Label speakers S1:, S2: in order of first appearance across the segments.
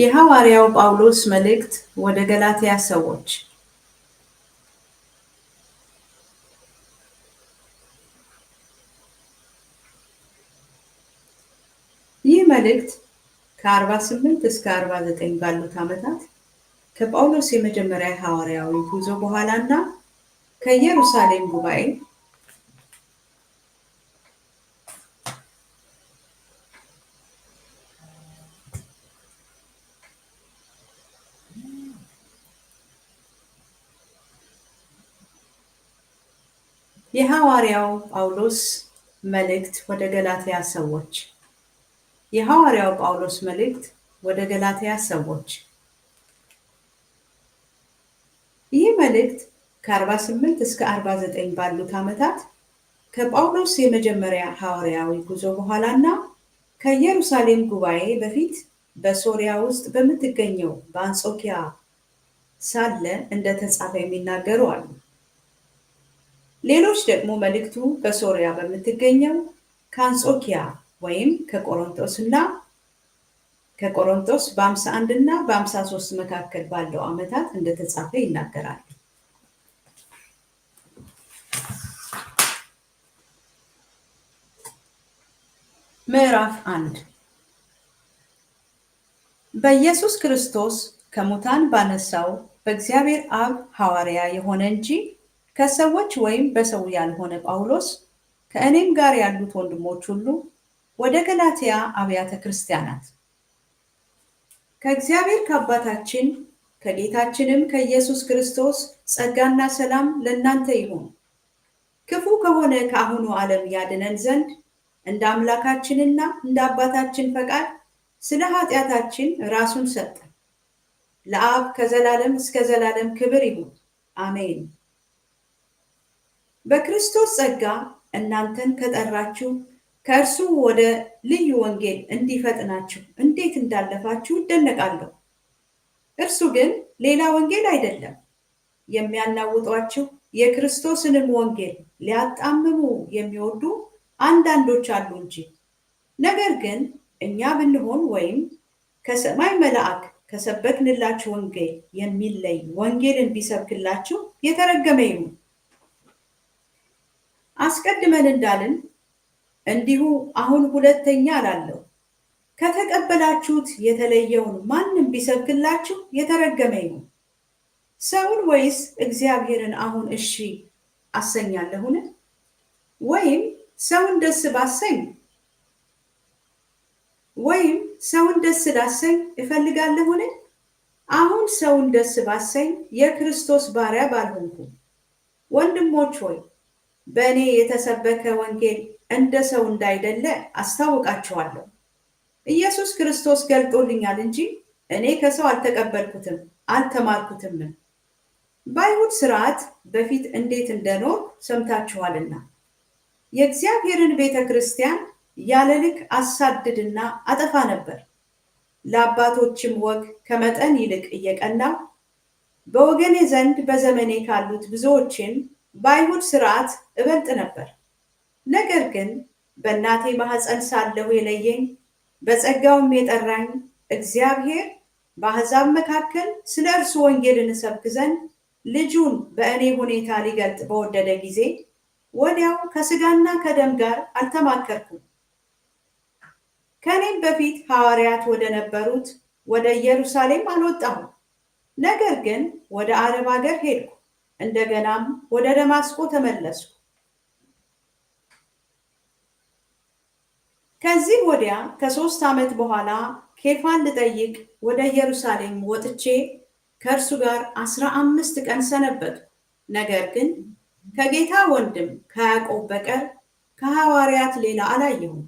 S1: የሐዋርያው ጳውሎስ መልእክት ወደ ገላትያ ሰዎች ይህ መልእክት ከ48 እስከ 49 ባሉት ዓመታት ከጳውሎስ የመጀመሪያ ሐዋርያዊ ጉዞ በኋላ እና ከኢየሩሳሌም ጉባኤ የሐዋርያው ጳውሎስ መልእክት ወደ ገላትያ ሰዎች የሐዋርያው ጳውሎስ መልእክት ወደ ገላትያ ሰዎች። ይህ መልእክት ከ48 እስከ 49 ባሉት ዓመታት ከጳውሎስ የመጀመሪያ ሐዋርያዊ ጉዞ በኋላና ከኢየሩሳሌም ጉባኤ በፊት በሶሪያ ውስጥ በምትገኘው በአንጾኪያ ሳለ እንደተጻፈ የሚናገሩ አሉ። ሌሎች ደግሞ መልእክቱ በሶሪያ በምትገኘው ከአንጾኪያ ወይም ከቆሮንቶስ እና ከቆሮንቶስ በአምሳ አንድ እና በአምሳ ሶስት መካከል ባለው ዓመታት እንደተጻፈ ይናገራል። ምዕራፍ አንድ በኢየሱስ ክርስቶስ ከሙታን ባነሳው በእግዚአብሔር አብ ሐዋርያ የሆነ እንጂ ከሰዎች ወይም በሰው ያልሆነ ጳውሎስ ከእኔም ጋር ያሉት ወንድሞች ሁሉ ወደ ገላትያ አብያተ ክርስቲያናት ከእግዚአብሔር ከአባታችን ከጌታችንም ከኢየሱስ ክርስቶስ ጸጋና ሰላም ለእናንተ ይሁን። ክፉ ከሆነ ከአሁኑ ዓለም ያድነን ዘንድ እንደ አምላካችንና እንደ አባታችን ፈቃድ ስለ ኃጢአታችን ራሱን ሰጠ። ለአብ ከዘላለም እስከ ዘላለም ክብር ይሁን፣ አሜን። በክርስቶስ ጸጋ እናንተን ከጠራችሁ ከእርሱ ወደ ልዩ ወንጌል እንዲፈጥናችሁ እንዴት እንዳለፋችሁ እደነቃለሁ። እርሱ ግን ሌላ ወንጌል አይደለም፣ የሚያናውጧችሁ የክርስቶስንም ወንጌል ሊያጣምሙ የሚወዱ አንዳንዶች አሉ እንጂ። ነገር ግን እኛ ብንሆን ወይም ከሰማይ መልአክ ከሰበክንላችሁ ወንጌል የሚለይ ወንጌልን ቢሰብክላችሁ የተረገመ ይሁን። አስቀድመን እንዳልን እንዲሁ አሁን ሁለተኛ እላለሁ፣ ከተቀበላችሁት የተለየውን ማንም ቢሰብክላችሁ የተረገመ ይሁን። ሰውን ወይስ እግዚአብሔርን አሁን እሺ አሰኛለሁን? ወይም ሰውን ደስ ባሰኝ ወይም ሰውን ደስ ላሰኝ እፈልጋለሁን? አሁን ሰውን ደስ ባሰኝ የክርስቶስ ባሪያ ባልሆንኩ። ወንድሞች ሆይ በእኔ የተሰበከ ወንጌል እንደ ሰው እንዳይደለ አስታውቃችኋለሁ። ኢየሱስ ክርስቶስ ገልጦልኛል እንጂ እኔ ከሰው አልተቀበልኩትም አልተማርኩትምም። በአይሁድ ስርዓት በፊት እንዴት እንደኖር ሰምታችኋልና የእግዚአብሔርን ቤተ ክርስቲያን ያለ ልክ አሳድድና አጠፋ ነበር። ለአባቶችም ወግ ከመጠን ይልቅ እየቀናው በወገኔ ዘንድ በዘመኔ ካሉት ብዙዎችን በአይሁድ ስርዓት እበልጥ ነበር። ነገር ግን በእናቴ ማህፀን ሳለሁ የለየኝ በጸጋውም የጠራኝ እግዚአብሔር በአሕዛብ መካከል ስለ እርሱ ወንጌልን እሰብክ ዘንድ ልጁን በእኔ ሁኔታ ሊገልጥ በወደደ ጊዜ ወዲያው ከስጋና ከደም ጋር አልተማከርኩም። ከእኔም በፊት ሐዋርያት ወደ ነበሩት ወደ ኢየሩሳሌም አልወጣሁም። ነገር ግን ወደ አረብ አገር ሄድኩ፣ እንደገናም ወደ ደማስቆ ተመለስኩ። ከዚህ ወዲያ ከሶስት ዓመት በኋላ ኬፋን ልጠይቅ ወደ ኢየሩሳሌም ወጥቼ ከእርሱ ጋር አስራ አምስት ቀን ሰነበቱ። ነገር ግን ከጌታ ወንድም ከያዕቆብ በቀር ከሐዋርያት ሌላ አላየሁም።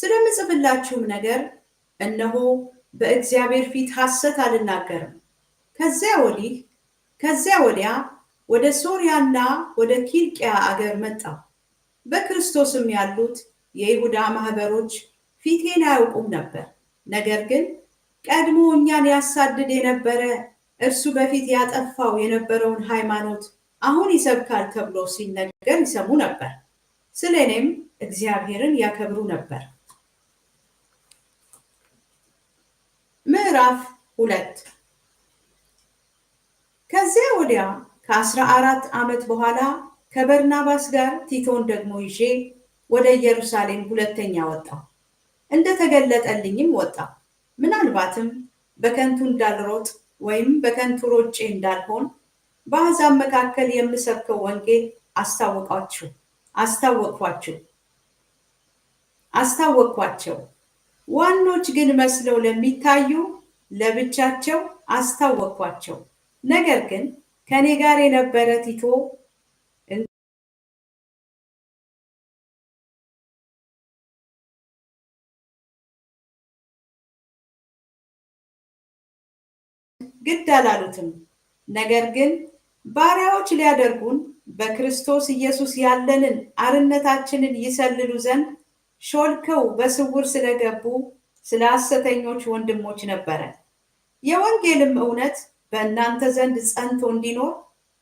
S1: ስለምጽፍላችሁም ነገር እነሆ በእግዚአብሔር ፊት ሐሰት አልናገርም። ከዚያ ወዲህ ከዚያ ወዲያ ወደ ሶርያና ወደ ኪልቅያ አገር መጣሁ። በክርስቶስም ያሉት የይሁዳ ማህበሮች ፊቴን አያውቁም ነበር። ነገር ግን ቀድሞ እኛን ያሳድድ የነበረ እርሱ በፊት ያጠፋው የነበረውን ሃይማኖት አሁን ይሰብካል ተብሎ ሲነገር ይሰሙ ነበር። ስለ እኔም እግዚአብሔርን ያከብሩ ነበር። ምዕራፍ ሁለት ከዚያ ወዲያ ከአስራ አራት ዓመት በኋላ ከበርናባስ ጋር ቲቶን ደግሞ ይዤ ወደ ኢየሩሳሌም ሁለተኛ ወጣሁ፣ እንደተገለጠልኝም ወጣሁ። ምናልባትም በከንቱ እንዳልሮጥ ወይም በከንቱ ሮጬ እንዳልሆን በአሕዛብ መካከል የምሰብከው ወንጌል አስታወቃችሁ አስታወቅኳችሁ አስታወቅኳቸው። ዋኖች ግን መስለው ለሚታዩ ለብቻቸው አስታወቅኳቸው። ነገር ግን ከእኔ ጋር የነበረ ቲቶ ግድ አላሉትም። ነገር ግን ባሪያዎች ሊያደርጉን በክርስቶስ ኢየሱስ ያለንን አርነታችንን ይሰልሉ ዘንድ ሾልከው በስውር ስለገቡ ስለ ሐሰተኞች ወንድሞች ነበረ። የወንጌልም እውነት በእናንተ ዘንድ ጸንቶ እንዲኖር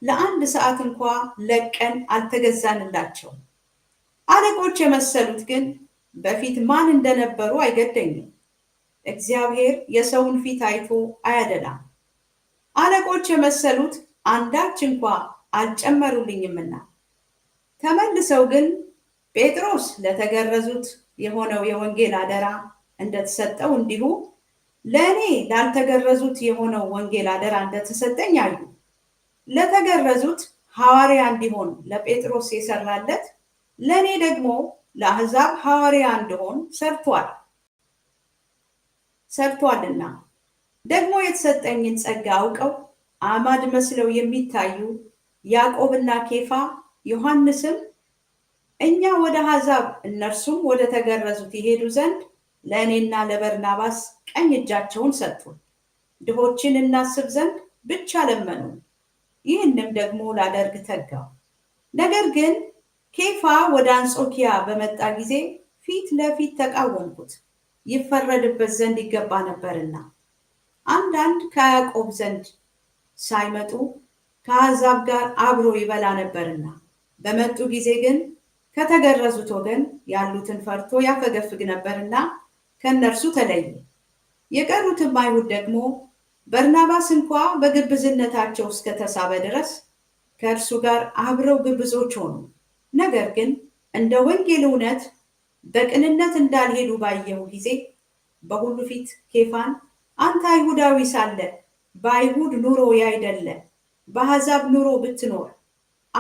S1: ለአንድ ሰዓት እንኳ ለቀን አልተገዛንላቸው። አለቆች የመሰሉት ግን በፊት ማን እንደነበሩ አይገደኝም። እግዚአብሔር የሰውን ፊት አይቶ አያደላም። አለቆች የመሰሉት አንዳች እንኳ አልጨመሩልኝምና። ተመልሰው ግን ጴጥሮስ ለተገረዙት የሆነው የወንጌል አደራ እንደተሰጠው እንዲሁ ለእኔ ላልተገረዙት የሆነው ወንጌል አደራ እንደተሰጠኝ አዩ። ለተገረዙት ሐዋርያ እንዲሆን ለጴጥሮስ የሰራለት ለእኔ ደግሞ ለአሕዛብ ሐዋርያ እንደሆን ሰርቷል ሰርቷልና ደግሞ የተሰጠኝን ጸጋ አውቀው አማድ መስለው የሚታዩ ያዕቆብና ኬፋ ዮሐንስም እኛ ወደ አሕዛብ እነርሱም ወደ ተገረዙት ይሄዱ ዘንድ ለእኔና ለበርናባስ ቀኝ እጃቸውን ሰጡን። ድሆችን እናስብ ዘንድ ብቻ ለመኑ። ይህንም ደግሞ ላደርግ ተጋው። ነገር ግን ኬፋ ወደ አንጾኪያ በመጣ ጊዜ ፊት ለፊት ተቃወምኩት፣ ይፈረድበት ዘንድ ይገባ ነበርና አንዳንድ ከያዕቆብ ዘንድ ሳይመጡ ከአሕዛብ ጋር አብሮ ይበላ ነበርና በመጡ ጊዜ ግን ከተገረዙት ወገን ያሉትን ፈርቶ ያፈገፍግ ነበርና ከእነርሱ ተለየ። የቀሩትም አይሁድ ደግሞ በርናባስ እንኳ በግብዝነታቸው እስከተሳበ ድረስ ከእርሱ ጋር አብረው ግብዞች ሆኑ። ነገር ግን እንደ ወንጌል እውነት በቅንነት እንዳልሄዱ ባየሁ ጊዜ በሁሉ ፊት ኬፋን አንተ አይሁዳዊ ሳለ በአይሁድ ኑሮ ያይደለ በአሕዛብ ኑሮ ብትኖር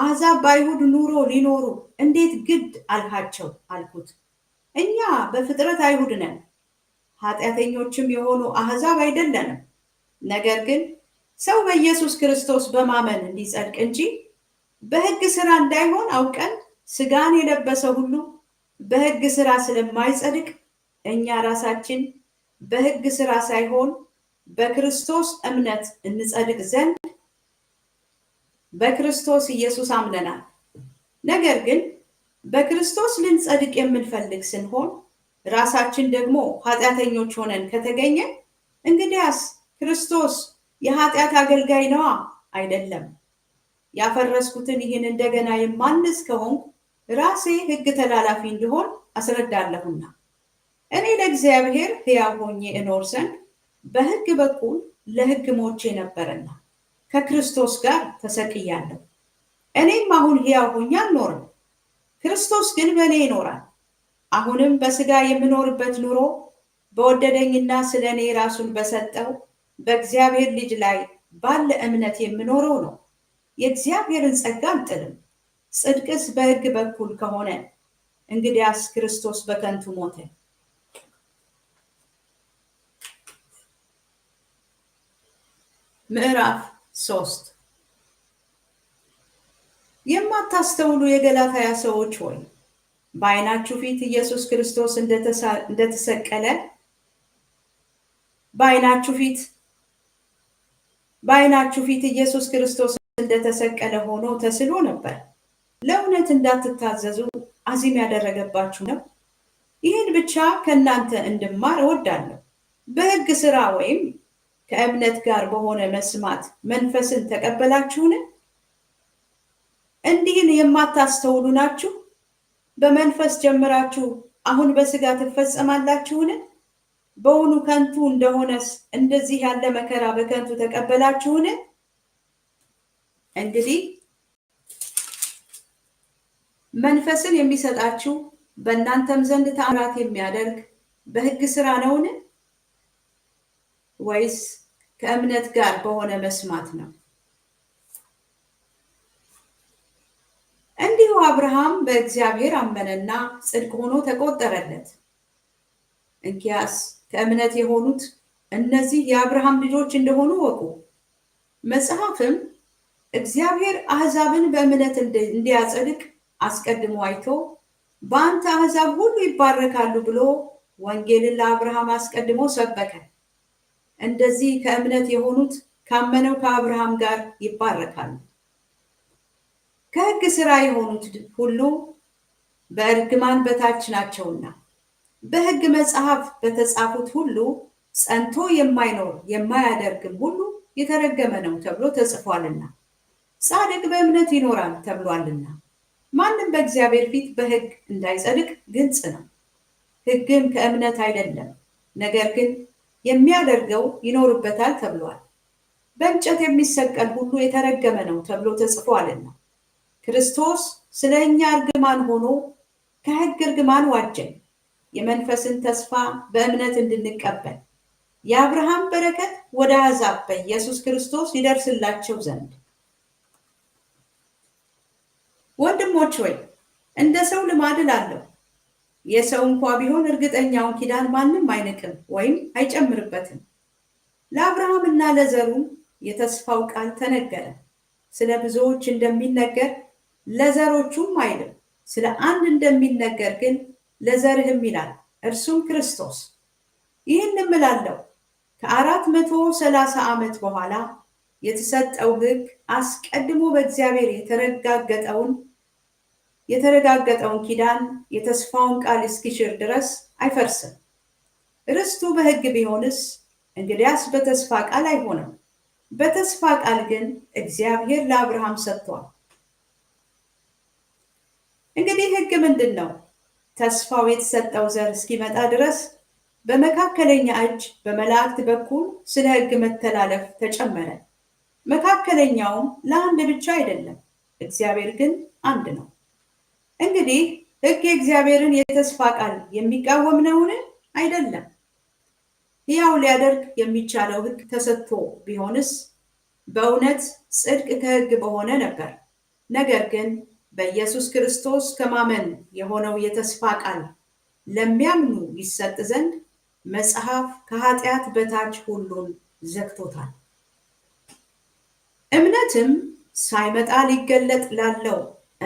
S1: አሕዛብ በአይሁድ ኑሮ ሊኖሩ እንዴት ግድ አልሃቸው አልኩት። እኛ በፍጥረት አይሁድ ነን፣ ኃጢአተኞችም የሆኑ አሕዛብ አይደለንም። ነገር ግን ሰው በኢየሱስ ክርስቶስ በማመን እንዲጸድቅ እንጂ በሕግ ሥራ እንዳይሆን አውቀን ሥጋን የለበሰ ሁሉ በሕግ ሥራ ስለማይጸድቅ እኛ ራሳችን በሕግ ሥራ ሳይሆን በክርስቶስ እምነት እንጸድቅ ዘንድ በክርስቶስ ኢየሱስ አምነናል። ነገር ግን በክርስቶስ ልንጸድቅ የምንፈልግ ስንሆን ራሳችን ደግሞ ኃጢአተኞች ሆነን ከተገኘ እንግዲያስ ክርስቶስ የኃጢአት አገልጋይ ነዋ አይደለም። ያፈረስኩትን ይህን እንደገና የማንስ ከሆንኩ ራሴ ሕግ ተላላፊ እንድሆን አስረዳለሁና እኔ ለእግዚአብሔር ሕያው ሆኜ እኖር ዘንድ በሕግ በኩል ለሕግ ሞቼ ነበርና ከክርስቶስ ጋር ተሰቅያለሁ። እኔም አሁን ሕያው ሆኜ አልኖርም፣ ክርስቶስ ግን በእኔ ይኖራል። አሁንም በሥጋ የምኖርበት ኑሮ በወደደኝና ስለ እኔ ራሱን በሰጠው በእግዚአብሔር ልጅ ላይ ባለ እምነት የምኖረው ነው። የእግዚአብሔርን ጸጋ አልጥልም። ጽድቅስ በሕግ በኩል ከሆነ እንግዲያስ ክርስቶስ በከንቱ ሞተ። ምዕራፍ ሶስት የማታስተውሉ የገላትያ ሰዎች ሆይ በዓይናችሁ ፊት ኢየሱስ ክርስቶስ እንደተሰቀለ በዓይናችሁ ፊት በዓይናችሁ ፊት ኢየሱስ ክርስቶስ እንደተሰቀለ ሆኖ ተስሎ ነበር። ለእውነት እንዳትታዘዙ አዚም ያደረገባችሁ ነው። ይህን ብቻ ከእናንተ እንድማር እወዳለሁ። በሕግ ስራ ወይም ከእምነት ጋር በሆነ መስማት መንፈስን ተቀበላችሁን? እንዲህን የማታስተውሉ ናችሁ? በመንፈስ ጀምራችሁ አሁን በስጋ ትፈጸማላችሁን? በውኑ ከንቱ እንደሆነስ እንደዚህ ያለ መከራ በከንቱ ተቀበላችሁን? እንግዲህ መንፈስን የሚሰጣችሁ በእናንተም ዘንድ ተአምራት የሚያደርግ በሕግ ስራ ነውን? ወይስ ከእምነት ጋር በሆነ መስማት ነው? እንዲሁ አብርሃም በእግዚአብሔር አመነና ጽድቅ ሆኖ ተቆጠረለት። እንኪያስ ከእምነት የሆኑት እነዚህ የአብርሃም ልጆች እንደሆኑ ወቁ። መጽሐፍም እግዚአብሔር አሕዛብን በእምነት እንዲያጸድቅ አስቀድሞ አይቶ በአንተ አሕዛብ ሁሉ ይባረካሉ ብሎ ወንጌልን ለአብርሃም አስቀድሞ ሰበከ። እንደዚህ ከእምነት የሆኑት ካመነው ከአብርሃም ጋር ይባረካሉ። ከሕግ ሥራ የሆኑት ሁሉ በእርግማን በታች ናቸውና በሕግ መጽሐፍ በተጻፉት ሁሉ ጸንቶ የማይኖር የማያደርግም ሁሉ የተረገመ ነው ተብሎ ተጽፏልና ጻድቅ በእምነት ይኖራል ተብሏልና። ማንም በእግዚአብሔር ፊት በሕግ እንዳይጸድቅ ግልጽ ነው። ሕግም ከእምነት አይደለም፣ ነገር ግን የሚያደርገው ይኖርበታል ተብሏል። በእንጨት የሚሰቀል ሁሉ የተረገመ ነው ተብሎ ተጽፏልና ክርስቶስ ስለ እኛ እርግማን ሆኖ ከሕግ እርግማን ዋጀን፣ የመንፈስን ተስፋ በእምነት እንድንቀበል የአብርሃም በረከት ወደ አሕዛብ በኢየሱስ ክርስቶስ ይደርስላቸው ዘንድ። ወንድሞች ወይ እንደ ሰው ልማድ እላለሁ የሰው እንኳ ቢሆን እርግጠኛውን ኪዳን ማንም አይንቅም ወይም አይጨምርበትም። ለአብርሃም እና ለዘሩ የተስፋው ቃል ተነገረ። ስለ ብዙዎች እንደሚነገር ለዘሮቹም አይልም፣ ስለ አንድ እንደሚነገር ግን ለዘርህም ይላል፣ እርሱም ክርስቶስ። ይህን እምላለሁ ከአራት መቶ ሰላሳ ዓመት በኋላ የተሰጠው ሕግ አስቀድሞ በእግዚአብሔር የተረጋገጠውን የተረጋገጠውን ኪዳን የተስፋውን ቃል እስኪሽር ድረስ አይፈርስም። ርስቱ በሕግ ቢሆንስ እንግዲያስ በተስፋ ቃል አይሆንም። በተስፋ ቃል ግን እግዚአብሔር ለአብርሃም ሰጥቷል። እንግዲህ ሕግ ምንድን ነው? ተስፋው የተሰጠው ዘር እስኪመጣ ድረስ በመካከለኛ እጅ በመላእክት በኩል ስለ ሕግ መተላለፍ ተጨመረ። መካከለኛውም ለአንድ ብቻ አይደለም፣ እግዚአብሔር ግን አንድ ነው። እንግዲህ ሕግ የእግዚአብሔርን የተስፋ ቃል የሚቃወም ነውን? አይደለም። ሕያው ሊያደርግ የሚቻለው ሕግ ተሰጥቶ ቢሆንስ በእውነት ጽድቅ ከሕግ በሆነ ነበር። ነገር ግን በኢየሱስ ክርስቶስ ከማመን የሆነው የተስፋ ቃል ለሚያምኑ ይሰጥ ዘንድ መጽሐፍ ከኃጢአት በታች ሁሉን ዘግቶታል። እምነትም ሳይመጣ ሊገለጥ ላለው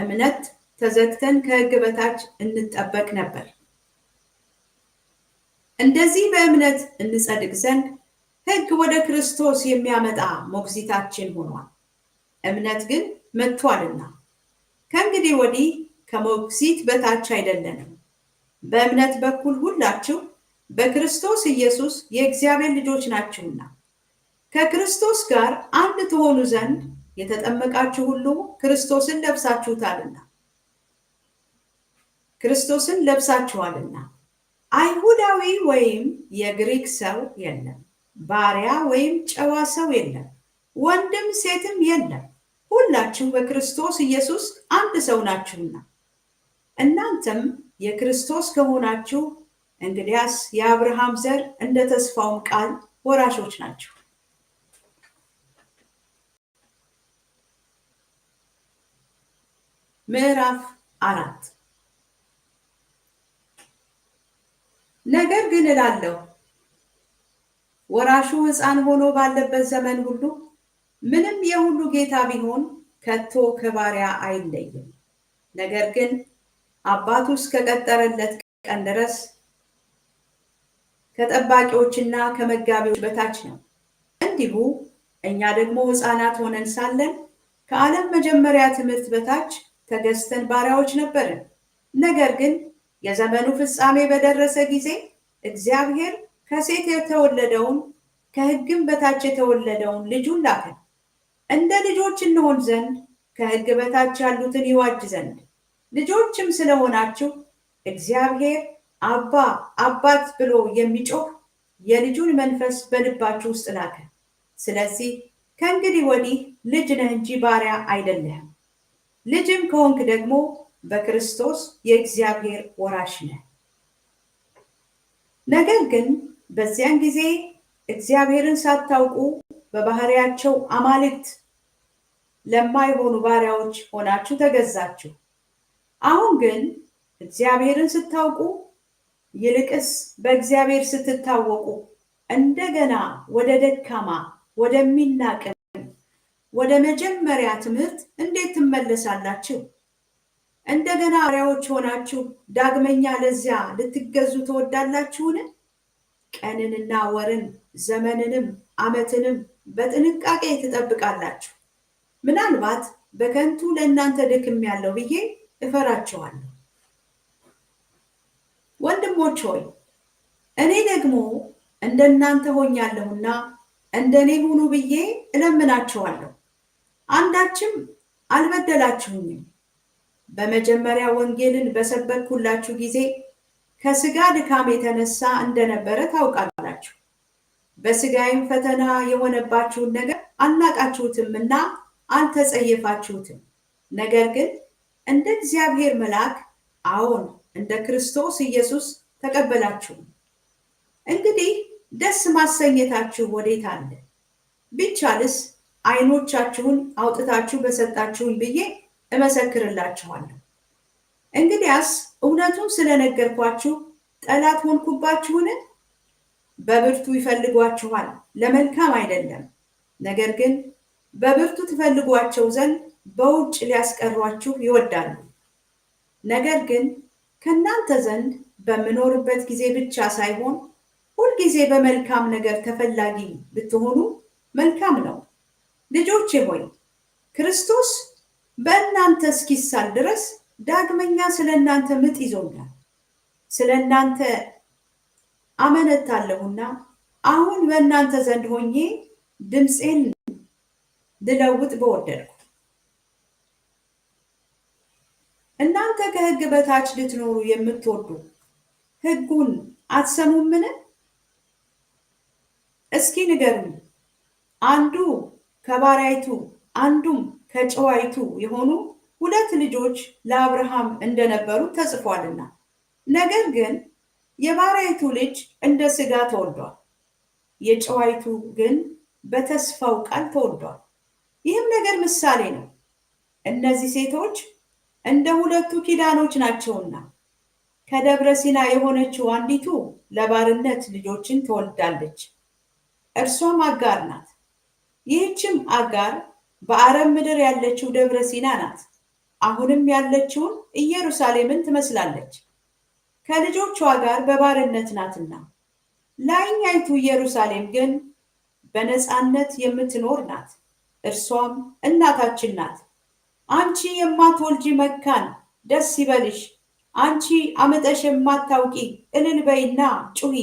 S1: እምነት ተዘግተን ከህግ በታች እንጠበቅ ነበር። እንደዚህ በእምነት እንጸድቅ ዘንድ ህግ ወደ ክርስቶስ የሚያመጣ ሞግዚታችን ሆኗል። እምነት ግን መጥቷልና ከእንግዲህ ወዲህ ከሞግዚት በታች አይደለንም። በእምነት በኩል ሁላችሁ በክርስቶስ ኢየሱስ የእግዚአብሔር ልጆች ናችሁና ከክርስቶስ ጋር አንድ ትሆኑ ዘንድ የተጠመቃችሁ ሁሉ ክርስቶስን ለብሳችሁታልና ክርስቶስን ለብሳችኋልና። አይሁዳዊ ወይም የግሪክ ሰው የለም፣ ባሪያ ወይም ጨዋ ሰው የለም፣ ወንድም ሴትም የለም፣ ሁላችሁ በክርስቶስ ኢየሱስ አንድ ሰው ናችሁና። እናንተም የክርስቶስ ከሆናችሁ እንግዲያስ የአብርሃም ዘር እንደ ተስፋውም ቃል ወራሾች ናችሁ። ምዕራፍ አራት ነገር ግን እላለሁ ወራሹ ሕፃን ሆኖ ባለበት ዘመን ሁሉ ምንም የሁሉ ጌታ ቢሆን ከቶ ከባሪያ አይለይም። ነገር ግን አባቱ እስከቀጠረለት ቀን ድረስ ከጠባቂዎችና ከመጋቢዎች በታች ነው። እንዲሁ እኛ ደግሞ ሕፃናት ሆነን ሳለን ከዓለም መጀመሪያ ትምህርት በታች ተገዝተን ባሪያዎች ነበርን። ነገር ግን የዘመኑ ፍጻሜ በደረሰ ጊዜ እግዚአብሔር ከሴት የተወለደውን ከሕግም በታች የተወለደውን ልጁን ላከ፣ እንደ ልጆች እንሆን ዘንድ ከሕግ በታች ያሉትን ይዋጅ ዘንድ። ልጆችም ስለሆናችሁ እግዚአብሔር አባ አባት ብሎ የሚጮህ የልጁን መንፈስ በልባችሁ ውስጥ ላከ። ስለዚህ ከእንግዲህ ወዲህ ልጅ ነህ እንጂ ባሪያ አይደለህም። ልጅም ከሆንክ ደግሞ በክርስቶስ የእግዚአብሔር ወራሽ ነህ። ነገር ግን በዚያን ጊዜ እግዚአብሔርን ሳታውቁ በባህሪያቸው አማልክት ለማይሆኑ ባሪያዎች ሆናችሁ ተገዛችሁ። አሁን ግን እግዚአብሔርን ስታውቁ ይልቅስ በእግዚአብሔር ስትታወቁ እንደገና ወደ ደካማ ወደሚናቅም ወደ መጀመሪያ ትምህርት እንዴት ትመለሳላችሁ? እንደገና ባሪያዎች ሆናችሁ ዳግመኛ ለዚያ ልትገዙ ትወዳላችሁን? ቀንንና ወርን ዘመንንም ዓመትንም በጥንቃቄ ትጠብቃላችሁ። ምናልባት በከንቱ ለእናንተ ድክም ያለው ብዬ እፈራችኋለሁ። ወንድሞች ሆይ እኔ ደግሞ እንደናንተ ሆኛለሁና እንደ እኔ ሁኑ ብዬ እለምናችኋለሁ። አንዳችም አልበደላችሁኝም። በመጀመሪያ ወንጌልን በሰበክሁላችሁ ጊዜ ከስጋ ድካም የተነሳ እንደነበረ ታውቃላችሁ። በስጋይም ፈተና የሆነባችሁን ነገር አልናቃችሁትምና አልተጸየፋችሁትም። ነገር ግን እንደ እግዚአብሔር መልአክ አዎን እንደ ክርስቶስ ኢየሱስ ተቀበላችሁ። እንግዲህ ደስ ማሰኘታችሁ ወዴት አለ? ቢቻልስ ዓይኖቻችሁን አውጥታችሁ በሰጣችሁን ብዬ እመሰክርላችኋለሁ። እንግዲያስ እውነቱን ስለነገርኳችሁ ጠላት ሆንኩባችሁን? በብርቱ ይፈልጓችኋል፣ ለመልካም አይደለም። ነገር ግን በብርቱ ትፈልጓቸው ዘንድ በውጭ ሊያስቀሯችሁ ይወዳሉ። ነገር ግን ከእናንተ ዘንድ በምኖርበት ጊዜ ብቻ ሳይሆን ሁልጊዜ በመልካም ነገር ተፈላጊ ብትሆኑ መልካም ነው። ልጆቼ ሆይ ክርስቶስ በእናንተ እስኪሳል ድረስ ዳግመኛ ስለ እናንተ ምጥ ይዞኛል። ስለ እናንተ አመነታለሁና አሁን በእናንተ ዘንድ ሆኜ ድምፄን ልለውጥ በወደድኩ። እናንተ ከሕግ በታች ልትኖሩ የምትወዱ ሕጉን አትሰሙምን? እስኪ ንገሩኝ። አንዱ ከባሪያይቱ አንዱም ከጨዋይቱ የሆኑ ሁለት ልጆች ለአብርሃም እንደነበሩ ተጽፏልና፣ ነገር ግን የባሪያይቱ ልጅ እንደ ስጋ ተወልዷል፣ የጨዋይቱ ግን በተስፋው ቃል ተወልዷል። ይህም ነገር ምሳሌ ነው። እነዚህ ሴቶች እንደ ሁለቱ ኪዳኖች ናቸውና ከደብረ ሲና የሆነችው አንዲቱ ለባርነት ልጆችን ትወልዳለች፣ እርሷም አጋር ናት። ይህችም አጋር በአረብ ምድር ያለችው ደብረ ሲና ናት። አሁንም ያለችውን ኢየሩሳሌምን ትመስላለች፣ ከልጆቿ ጋር በባርነት ናትና። ላይኛይቱ ኢየሩሳሌም ግን በነፃነት የምትኖር ናት፣ እርሷም እናታችን ናት። አንቺ የማትወልጂ መካን ደስ ይበልሽ፣ አንቺ አመጠሽ የማታውቂ እልል በይና ጩሂ።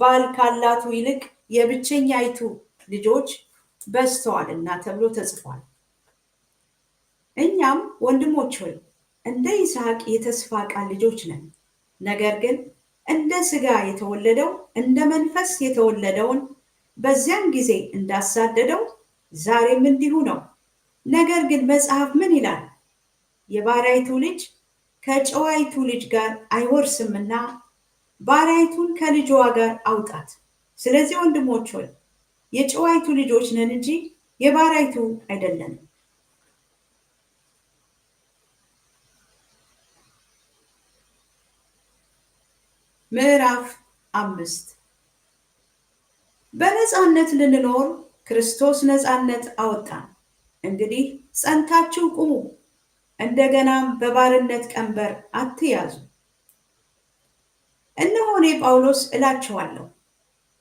S1: ባል ካላቱ ይልቅ የብቸኛይቱ ልጆች እና ተብሎ ተጽፏል። እኛም ወንድሞች ሆይ እንደ ይስሐቅ የተስፋ ቃል ልጆች ነን። ነገር ግን እንደ ስጋ የተወለደው እንደ መንፈስ የተወለደውን በዚያን ጊዜ እንዳሳደደው ዛሬም እንዲሁ ነው። ነገር ግን መጽሐፍ ምን ይላል? የባሪያይቱ ልጅ ከጨዋይቱ ልጅ ጋር አይወርስምና ባሪያይቱን ከልጅዋ ጋር አውጣት። ስለዚህ ወንድሞች ሆይ የጨዋይቱ ልጆች ነን እንጂ የባሪያይቱ አይደለንም። ምዕራፍ አምስት በነፃነት ልንኖር ክርስቶስ ነፃነት አወጣን። እንግዲህ ጸንታችሁ ቁሙ፣ እንደገናም በባርነት ቀንበር አትያዙ። እነሆ እኔ ጳውሎስ እላችኋለሁ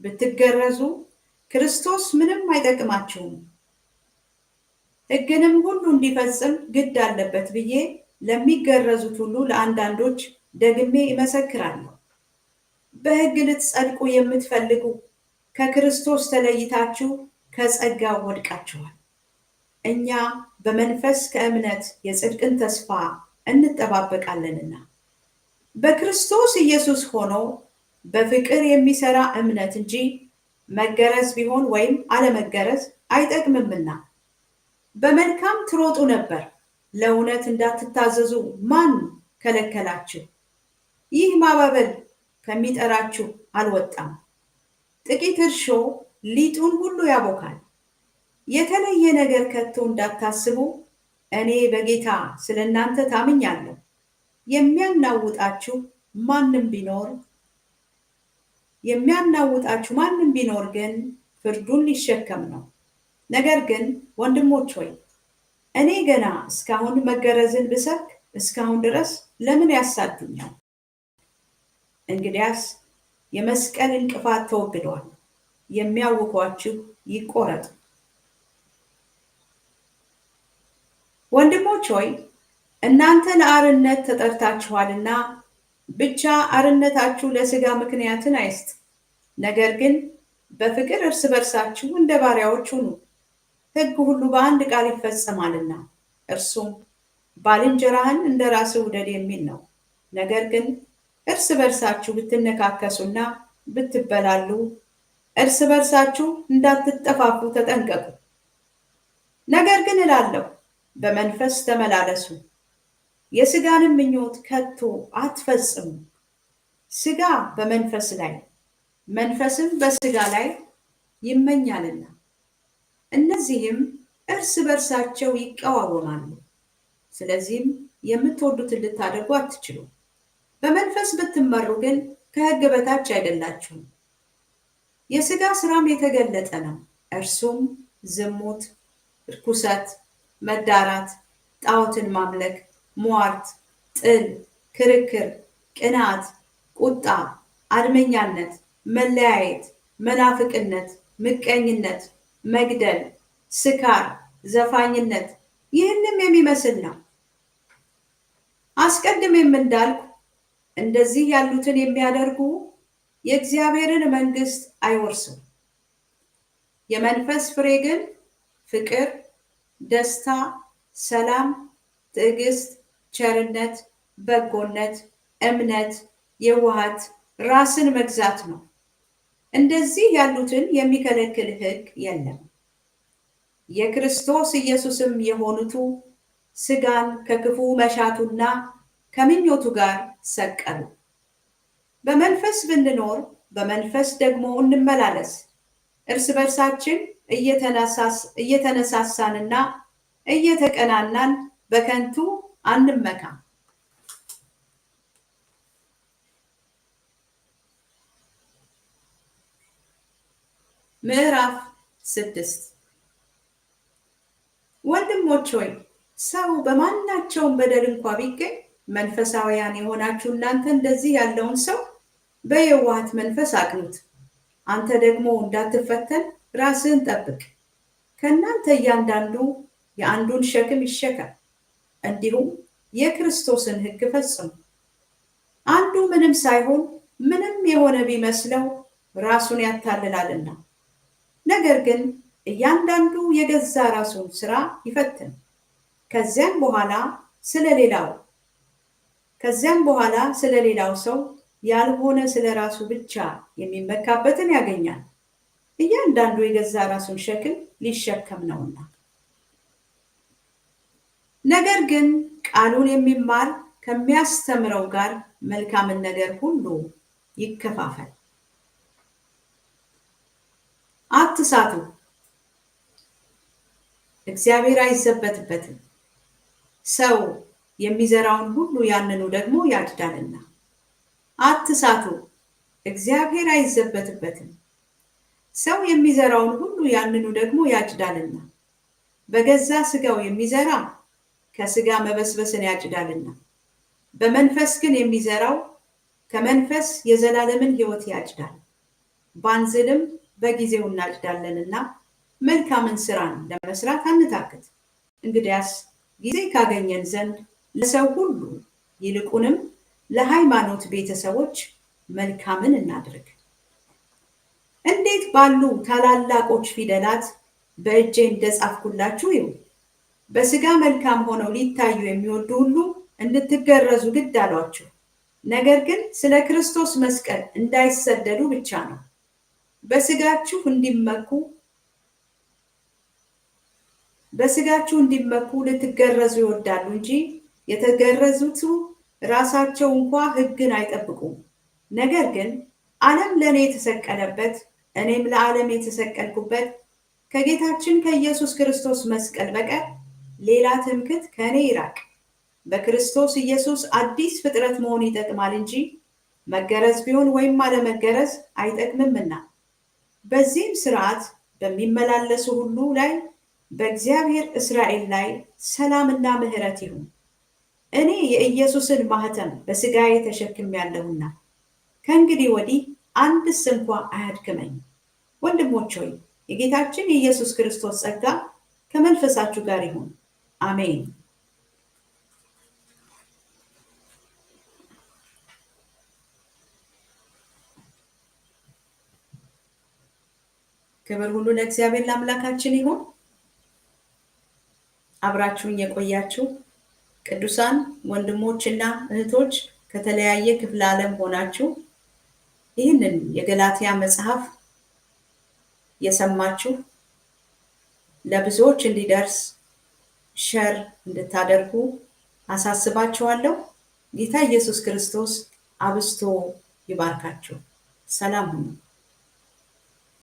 S1: ብትገረዙ ክርስቶስ ምንም አይጠቅማችሁም፣ ሕግንም ሁሉ እንዲፈጽም ግድ አለበት ብዬ ለሚገረዙት ሁሉ ለአንዳንዶች ደግሜ እመሰክራለሁ። በሕግ ልትጸድቁ የምትፈልጉ ከክርስቶስ ተለይታችሁ ከጸጋው ወድቃችኋል። እኛ በመንፈስ ከእምነት የጽድቅን ተስፋ እንጠባበቃለንና በክርስቶስ ኢየሱስ ሆኖ በፍቅር የሚሰራ እምነት እንጂ መገረዝ ቢሆን ወይም አለመገረዝ አይጠቅምምና በመልካም ትሮጡ ነበር፣ ለእውነት እንዳትታዘዙ ማን ከለከላችሁ? ይህ ማባበል ከሚጠራችሁ አልወጣም። ጥቂት እርሾ ሊጡን ሁሉ ያቦካል። የተለየ ነገር ከቶ እንዳታስቡ፣ እኔ በጌታ ስለ እናንተ ታምኛለሁ። የሚያናውጣችሁ ማንም ቢኖር የሚያናውጣችሁ ማንም ቢኖር ግን ፍርዱን ሊሸከም ነው። ነገር ግን ወንድሞች ሆይ እኔ ገና እስካሁን መገረዝን ብሰብክ እስካሁን ድረስ ለምን ያሳዱኛል? እንግዲያስ የመስቀል እንቅፋት ተወግዷል። የሚያውኳችሁ ይቆረጥ። ወንድሞች ሆይ እናንተ ለአርነት ተጠርታችኋልና ብቻ አርነታችሁ ለስጋ ምክንያትን አይስጥ። ነገር ግን በፍቅር እርስ በርሳችሁ እንደ ባሪያዎች ሁኑ፣ ሕግ ሁሉ በአንድ ቃል ይፈጸማልና። እርሱም ባልንጀራህን እንደ ራስህ ውደድ የሚል ነው። ነገር ግን እርስ በርሳችሁ ብትነካከሱና ብትበላሉ እርስ በርሳችሁ እንዳትጠፋፉ ተጠንቀቁ። ነገር ግን እላለሁ በመንፈስ ተመላለሱ የስጋንም ምኞት ከቶ አትፈጽሙ። ስጋ በመንፈስ ላይ መንፈስም በስጋ ላይ ይመኛልና እነዚህም እርስ በርሳቸው ይቀዋወማሉ። ስለዚህም የምትወዱትን ልታደርጉ አትችሉ። በመንፈስ ብትመሩ ግን ከሕግ በታች አይደላችሁም። የስጋ ስራም የተገለጠ ነው። እርሱም ዝሙት፣ ርኩሰት፣ መዳራት፣ ጣዖትን ማምለክ ሟርት፣ ጥል፣ ክርክር፣ ቅናት፣ ቁጣ፣ አድመኛነት፣ መለያየት፣ መናፍቅነት፣ ምቀኝነት፣ መግደል፣ ስካር፣ ዘፋኝነት ይህንም የሚመስል ነው። አስቀድሜም እንዳልኩ እንደዚህ ያሉትን የሚያደርጉ የእግዚአብሔርን መንግስት አይወርስም። የመንፈስ ፍሬ ግን ፍቅር፣ ደስታ፣ ሰላም፣ ትዕግስት ቸርነት፣ በጎነት፣ እምነት፣ የዋሃት፣ ራስን መግዛት ነው። እንደዚህ ያሉትን የሚከለክል ሕግ የለም። የክርስቶስ ኢየሱስም የሆኑቱ ስጋን ከክፉ መሻቱና ከምኞቱ ጋር ሰቀሉ። በመንፈስ ብንኖር በመንፈስ ደግሞ እንመላለስ። እርስ በርሳችን እየተነሳሳንና እየተቀናናን በከንቱ አንመካ። ምዕራፍ ስድስት ወንድሞች ሆይ ሰው በማናቸውም በደል እንኳ ቢገኝ መንፈሳውያን የሆናችሁ እናንተ እንደዚህ ያለውን ሰው በየዋሃት መንፈስ አቅኑት። አንተ ደግሞ እንዳትፈተን ራስህን ጠብቅ። ከእናንተ እያንዳንዱ የአንዱን ሸክም ይሸከም። እንዲሁም የክርስቶስን ሕግ ፈጽሙ። አንዱ ምንም ሳይሆን ምንም የሆነ ቢመስለው ራሱን ያታልላልና፣ ነገር ግን እያንዳንዱ የገዛ ራሱን ስራ ይፈትን። ከዚያም በኋላ ስለሌላው ከዚያም በኋላ ስለሌላው ሰው ያልሆነ ስለ ራሱ ብቻ የሚመካበትን ያገኛል። እያንዳንዱ የገዛ ራሱን ሸክም ሊሸከም ነውና። ነገር ግን ቃሉን የሚማር ከሚያስተምረው ጋር መልካምን ነገር ሁሉ ይከፋፈል። አትሳቱ፣ እግዚአብሔር አይዘበትበትም። ሰው የሚዘራውን ሁሉ ያንኑ ደግሞ ያጭዳልና። አትሳቱ፣ እግዚአብሔር አይዘበትበትም። ሰው የሚዘራውን ሁሉ ያንኑ ደግሞ ያጭዳልና። በገዛ ስጋው የሚዘራ ከስጋ መበስበስን ያጭዳልና በመንፈስ ግን የሚዘራው ከመንፈስ የዘላለምን ሕይወት ያጭዳል። ባንዝልም በጊዜው እናጭዳለንና መልካምን ስራን ለመስራት አንታክት። እንግዲያስ ጊዜ ካገኘን ዘንድ ለሰው ሁሉ ይልቁንም ለሃይማኖት ቤተሰቦች መልካምን እናድርግ። እንዴት ባሉ ታላላቆች ፊደላት በእጄ እንደጻፍኩላችሁ ይሁን። በስጋ መልካም ሆነው ሊታዩ የሚወዱ ሁሉ እንድትገረዙ ግድ አሏችሁ። ነገር ግን ስለ ክርስቶስ መስቀል እንዳይሰደዱ ብቻ ነው። በስጋችሁ እንዲመኩ በስጋችሁ እንዲመኩ ልትገረዙ ይወዳሉ እንጂ የተገረዙቱ ራሳቸው እንኳ ሕግን አይጠብቁም። ነገር ግን ዓለም ለእኔ የተሰቀለበት እኔም ለዓለም የተሰቀልኩበት ከጌታችን ከኢየሱስ ክርስቶስ መስቀል በቀር ሌላ ትምክት ከእኔ ይራቅ። በክርስቶስ ኢየሱስ አዲስ ፍጥረት መሆን ይጠቅማል እንጂ መገረዝ ቢሆን ወይም አለመገረዝ አይጠቅምምና፣ በዚህም ስርዓት በሚመላለሱ ሁሉ ላይ በእግዚአብሔር እስራኤል ላይ ሰላምና ምሕረት ይሁን። እኔ የኢየሱስን ማህተም በስጋዬ ተሸክሜያለሁና ከእንግዲህ ወዲህ አንድስ እንኳ አያድክመኝ። ወንድሞች ሆይ የጌታችን የኢየሱስ ክርስቶስ ጸጋ ከመንፈሳችሁ ጋር ይሁን። Amém. ክብር ሁሉ ለእግዚአብሔር ለአምላካችን ይሁን። አብራችሁን የቆያችሁ ቅዱሳን ወንድሞች እና እህቶች ከተለያየ ክፍለ ዓለም ሆናችሁ ይህንን የገላትያ መጽሐፍ የሰማችሁ ለብዙዎች እንዲደርስ ሸር እንድታደርጉ አሳስባችኋለሁ። ጌታ ኢየሱስ ክርስቶስ አብስቶ ይባርካችሁ። ሰላም ሁኑ።